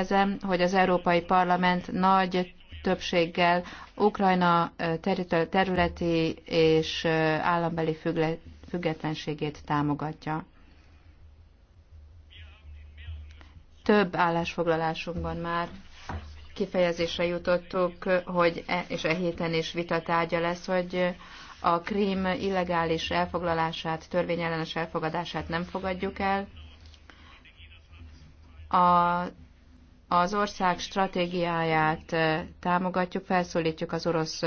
befejezem, hogy az Európai Parlament nagy többséggel Ukrajna területi és állambeli függetlenségét támogatja. Több állásfoglalásunkban már kifejezésre jutottuk, hogy e, és e héten is vita tárgya lesz, hogy a krím illegális elfoglalását, törvényellenes elfogadását nem fogadjuk el. A az ország stratégiáját támogatjuk, felszólítjuk az orosz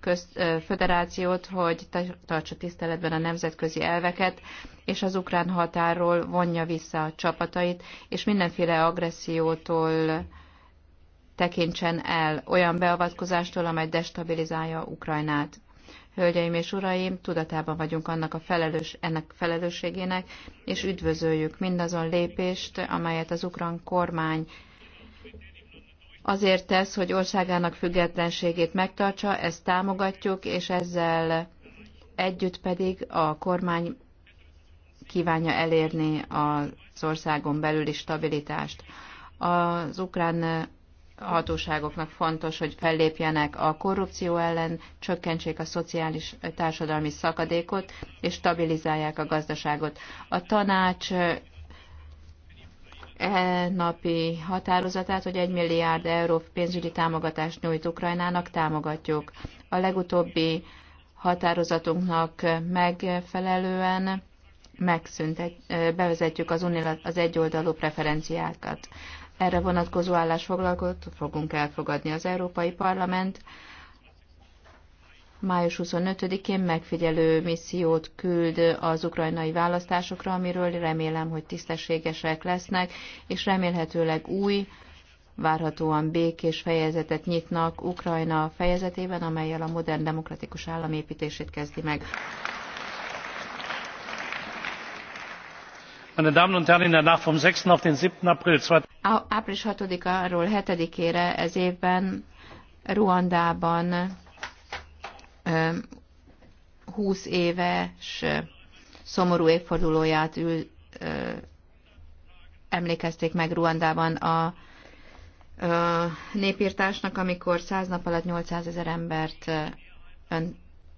köz, föderációt, hogy tartsa tiszteletben a nemzetközi elveket, és az ukrán határól vonja vissza a csapatait, és mindenféle agressziótól tekintsen el olyan beavatkozástól, amely destabilizálja Ukrajnát. Hölgyeim és uraim, tudatában vagyunk annak a felelős, ennek felelősségének, és üdvözöljük mindazon lépést, amelyet az ukrán kormány azért tesz, hogy országának függetlenségét megtartsa, ezt támogatjuk, és ezzel együtt pedig a kormány kívánja elérni az országon belüli stabilitást. Az ukrán hatóságoknak fontos, hogy fellépjenek a korrupció ellen, csökkentsék a szociális társadalmi szakadékot, és stabilizálják a gazdaságot. A tanács E napi határozatát, hogy egy milliárd euró pénzügyi támogatást nyújt Ukrajnának, támogatjuk. A legutóbbi határozatunknak megfelelően megszüntet, e, bevezetjük az, unilat, az egyoldalú preferenciákat. Erre vonatkozó állásfoglalkot fogunk elfogadni. Az Európai Parlament május 25-én megfigyelő missziót küld az ukrajnai választásokra, amiről remélem, hogy tisztességesek lesznek, és remélhetőleg új, várhatóan békés fejezetet nyitnak Ukrajna fejezetében, amelyel a modern demokratikus államépítését kezdi meg. Meine Damen und Herren, in der Nacht vom 6. auf den 7. April 2000 április 6-áról 7-ére ez évben Ruandában 20 éves szomorú évfordulóját ül, emlékezték meg Ruandában a a népírtásnak, amikor 100 nap alatt 800 ezer embert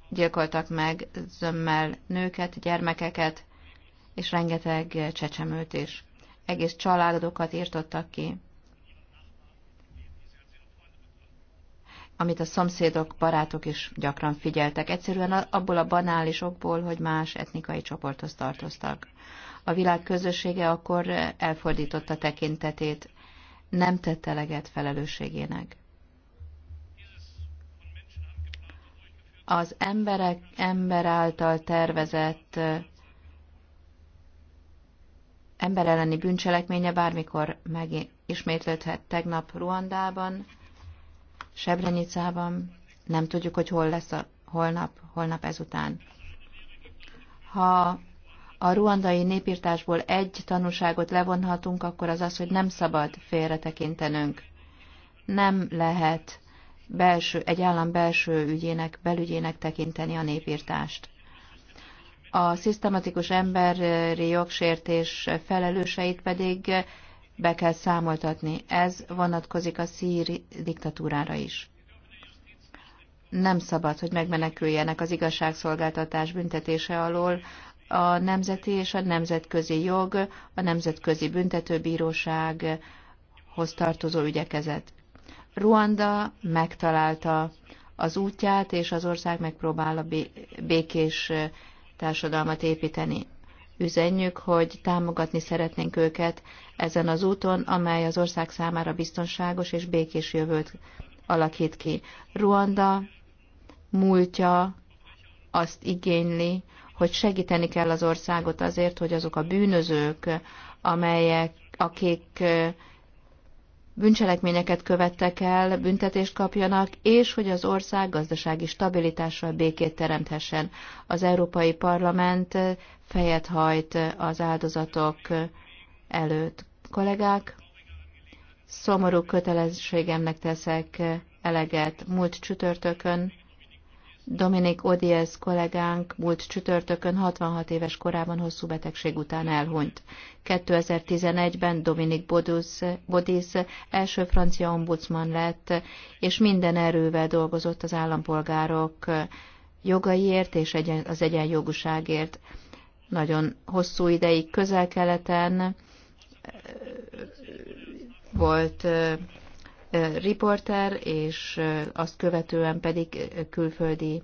gyilkoltak meg, zömmel nőket, gyermekeket, és rengeteg csecsemőt is. Egész családokat írtottak ki. amit a szomszédok, barátok is gyakran figyeltek, egyszerűen abból a banális okból, hogy más etnikai csoporthoz tartoztak. A világ közössége akkor elfordította tekintetét, nem tette eleget felelősségének. Az emberek, ember által tervezett ember elleni bűncselekménye bármikor megismétlődhet tegnap Ruandában, Sebrenyicában, nem tudjuk, hogy hol lesz a holnap, holnap ezután. Ha a ruandai népírtásból egy tanúságot levonhatunk, akkor az az, hogy nem szabad félretekintenünk. Nem lehet belső, egy állam belső ügyének, belügyének tekinteni a népírtást. A szisztematikus emberi jogsértés felelőseit pedig be kell számoltatni. Ez vonatkozik a szíri diktatúrára is. Nem szabad, hogy megmeneküljenek az igazságszolgáltatás büntetése alól a nemzeti és a nemzetközi jog, a nemzetközi büntetőbírósághoz tartozó ügyekezet. Ruanda megtalálta az útját, és az ország megpróbál a békés társadalmat építeni üzenjük, hogy támogatni szeretnénk őket ezen az úton, amely az ország számára biztonságos és békés jövőt alakít ki. Ruanda múltja azt igényli, hogy segíteni kell az országot azért, hogy azok a bűnözők, amelyek, akik bűncselekményeket követtek el, büntetést kapjanak, és hogy az ország gazdasági stabilitással békét teremthessen. Az Európai Parlament fejet hajt az áldozatok előtt. Kollégák, szomorú kötelességemnek teszek eleget múlt csütörtökön. Dominik Odiez kollégánk múlt csütörtökön 66 éves korában hosszú betegség után elhunyt. 2011-ben Dominik Bodis első francia ombudsman lett, és minden erővel dolgozott az állampolgárok jogaiért és az egyenjogúságért. Nagyon hosszú ideig közel-keleten volt riporter, és azt követően pedig külföldi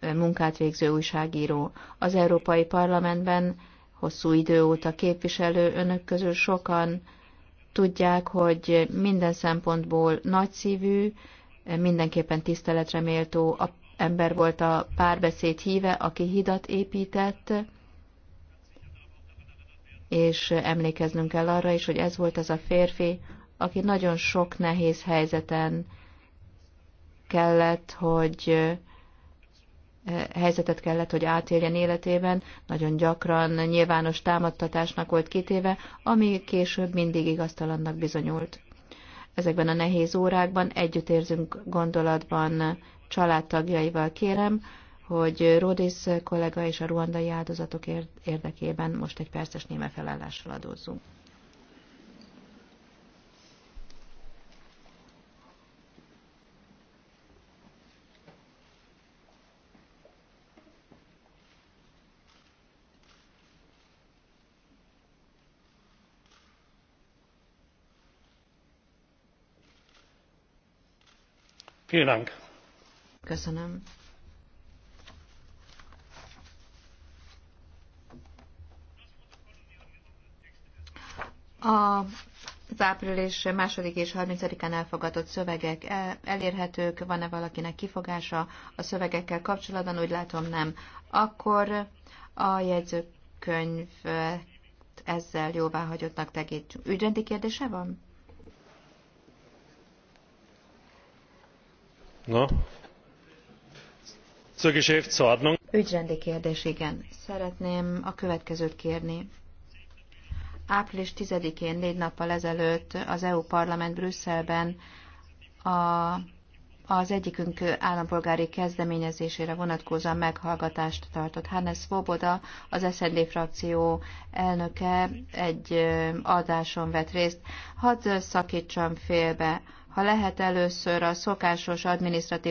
munkát végző újságíró. Az Európai Parlamentben hosszú idő óta képviselő önök közül sokan tudják, hogy minden szempontból nagyszívű, mindenképpen tiszteletre méltó a ember volt a párbeszéd híve, aki hidat épített, és emlékeznünk kell arra is, hogy ez volt az a férfi, aki nagyon sok nehéz helyzeten kellett, hogy eh, helyzetet kellett, hogy átéljen életében, nagyon gyakran nyilvános támadtatásnak volt kitéve, ami később mindig igaztalannak bizonyult. Ezekben a nehéz órákban együttérzünk gondolatban családtagjaival kérem, hogy Rodis kollega és a ruandai áldozatok érdekében most egy perces néme felállással adózzunk. Köszönöm. A az április második és 30-án elfogadott szövegek elérhetők, van-e valakinek kifogása a szövegekkel kapcsolatban, úgy látom nem. Akkor a jegyzőkönyv ezzel jóváhagyottnak tekintjük. Ügyrendi kérdése van? ügyrendi kérdés igen szeretném a következőt kérni április ten én négy nappal ezelőtt az eu parlament brüsszelben a, az egyikünk állampolgári kezdeményezésére vonatkozóan meghallgatást tartott. Hannes Svoboda, az SND frakció elnöke egy adáson vett részt. Hadd szakítsam félbe ha lehet először a szokásos adminisztratív